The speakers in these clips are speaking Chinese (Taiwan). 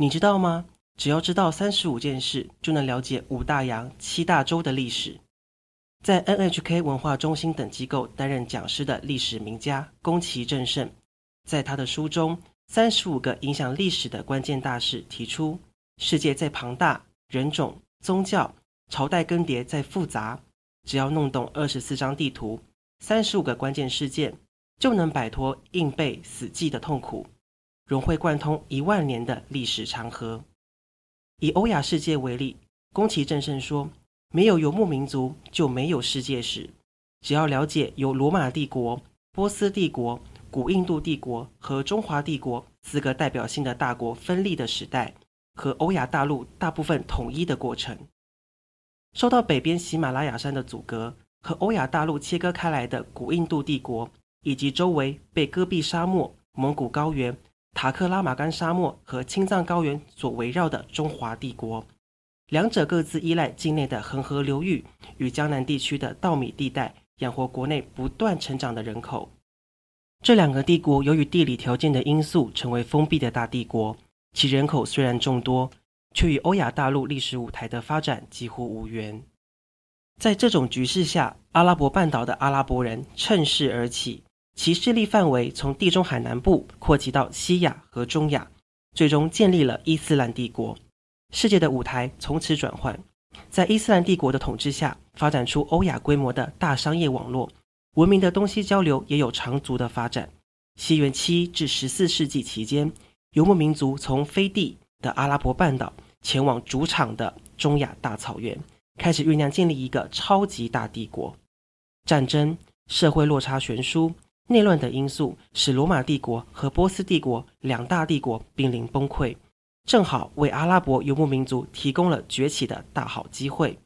你知道嗎？只要知道三十五件事，就能了解五大洋、七大洲的歷史。在 NHK 文化中心等機構擔任講師的歷史名家宮崎正勝，在他的書中，三十五個影響歷史的關鍵大事提出：世界再龐大，人種、宗教、朝代更迭再複雜，只要弄懂二十四張地圖、三十五個關鍵事件，就能擺脫硬背死記的痛苦。融會貫通一萬年的歷史長河，以歐亞世界為例，宮崎正勝說：“沒有游牧民族就沒有世界史。只要了解由羅馬帝國、波斯帝國、古印度帝國和中華帝國四個代表性的大國分立的時代，和歐亞大陸大部分統一的過程。受到北邊喜馬拉雅山的阻隔和歐亞大陸切割開來的古印度帝國，以及周圍被戈壁沙漠、蒙古高原、塔克拉瑪干沙漠和青藏高原所圍繞的中華帝國，兩者各自依賴境內的恆河流域與江南地區的稻米地帶養活國內不斷成長的人口。這兩個帝國由於地理條件的因素，成為封閉的大帝國，其人口雖然眾多，卻與歐亞大陸歷史舞台的發展幾乎無緣。在這種局勢下，阿拉伯半島的阿拉伯人趁勢而起。其勢力範圍從地中海南部擴及到西亞和中亞，最終建立了伊斯蘭帝國。世界的舞台從此轉換。在伊斯蘭帝國的統治下，發展出歐亞規模的大商業網絡，文明的東西交流也有長足的發展。西元七至十四世紀期間，遊牧民族從飛地的阿拉伯半島前往主場的中亞大草原，開始醞釀建立一個超級大帝國。戰爭，社會落差懸殊。內亂的因素使羅馬帝國和波斯帝國兩大帝國瀕臨崩潰，正好為阿拉伯游牧民族提供了崛起的大好機會。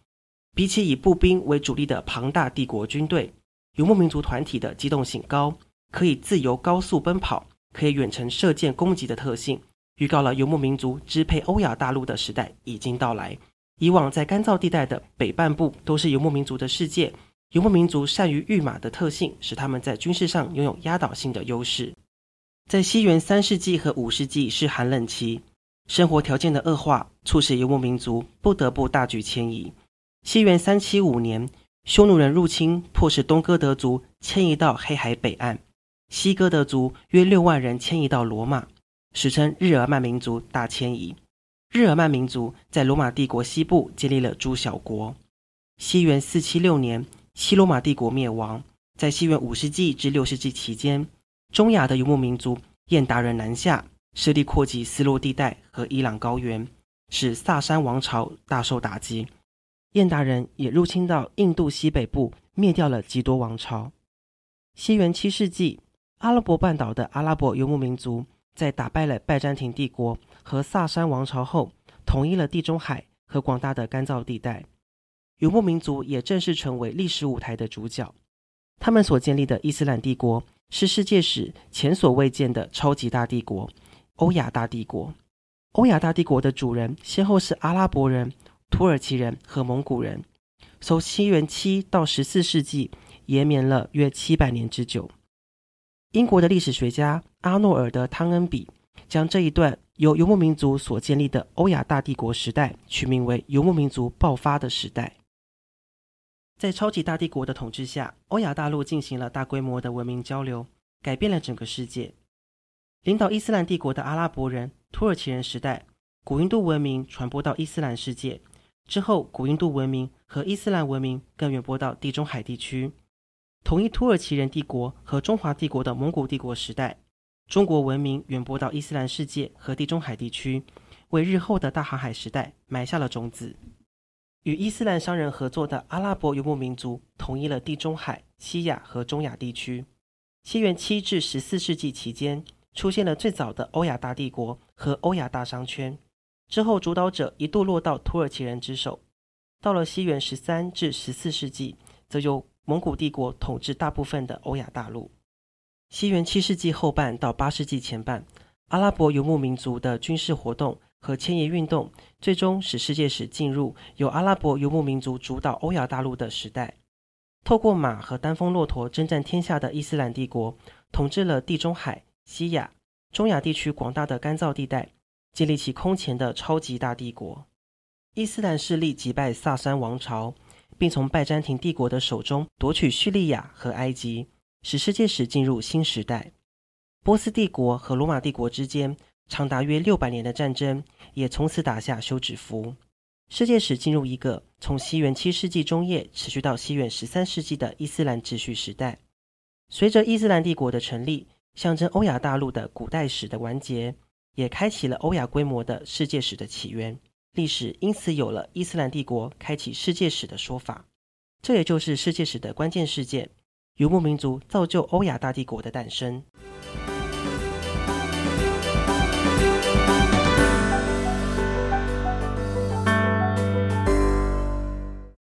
比起以步兵為主力的龐大帝國軍隊，游牧民族團體的機動性高，可以自由高速奔跑，可以遠程射箭攻擊的特性，預告了游牧民族支配歐亞大陸的時代已經到來。以往在乾燥地帶的北半部都是游牧民族的世界。游牧民族善於御馬的特性，使他們在軍事上擁有壓倒性的優勢。在西元三世紀和五世紀是寒冷期，生活條件的惡化促使游牧民族不得不大舉遷移。西元三七五年，匈奴人入侵，迫使東哥德族遷移到黑海北岸，西哥德族約六萬人遷移到羅馬，史稱日耳曼民族大遷移。日耳曼民族在羅馬帝國西部建立了諸小國。西元四七六年，西羅馬帝國滅亡，在西元五世紀至六世紀期間，中亞的游牧民族嚈噠人南下，勢力擴及絲路地帶和伊朗高原，使薩珊王朝大受打擊。嚈噠人也入侵到印度西北部，滅掉了笈多王朝。西元七世紀，阿拉伯半島的阿拉伯游牧民族在打敗了拜占庭帝國和薩珊王朝後，統一了地中海和廣大的乾燥地帶。游牧民族也正式成為歷史舞台的主角。他們所建立的伊斯蘭帝國是世界史前所未見的超級大帝國——歐亞大帝國。歐亞大帝國的主人先後是阿拉伯人、土耳其人和蒙古人，從西元七到十四世紀，延綿了約七百年之久。英國的歷史學家阿諾爾德·湯恩比將這一段由游牧民族所建立的歐亞大帝國時代取名為“游牧民族爆發的時代”。在超級大帝國的統治下，歐亞大陸進行了大規模的文明交流，改變了整個世界。領導伊斯蘭帝國的阿拉伯人、土耳其人時代，古印度文明傳播到伊斯蘭世界之後，古印度文明和伊斯蘭文明更遠播到地中海地區。統一土耳其人帝國和中華帝國的蒙古帝國時代，中國文明遠播到伊斯蘭世界和地中海地區，為日後的大航海時代埋下了種子。與伊斯蘭商人合作的阿拉伯游牧民族統一了地中海、西亞和中亞地區。西元七至十四世紀期間，出現了最早的歐亞大帝國和歐亞大商圈。之後，主導者一度落到土耳其人之手。到了西元十三至十四世紀，則由蒙古帝國統治大部分的歐亞大陸。西元七世紀後半到八世紀前半，阿拉伯游牧民族的軍事活動，和遷徙運動，最終使世界史進入由阿拉伯游牧民族主導歐亞大陸的時代。透過馬和單峰駱駝征戰天下的伊斯蘭帝國，統治了地中海、西亞、中亞地區廣大的乾燥地帶，建立起空前的超級大帝國。伊斯蘭勢力擊敗薩珊王朝，並從拜占庭帝國的手中奪取敘利亞和埃及，使世界史進入新時代。波斯帝國和羅馬帝國之間，長達約六百年的戰爭也從此打下休止符，世界史進入一個從西元七世紀中葉持續到西元十三世紀的伊斯蘭秩序時代。隨着伊斯蘭帝國的成立，象徵歐亞大陸的古代史的完結，也開啟了歐亞規模的世界史的起源。歷史因此有了伊斯蘭帝國開啟世界史的說法。這也就是世界史的關鍵事件：游牧民族造就歐亞大帝國的誕生。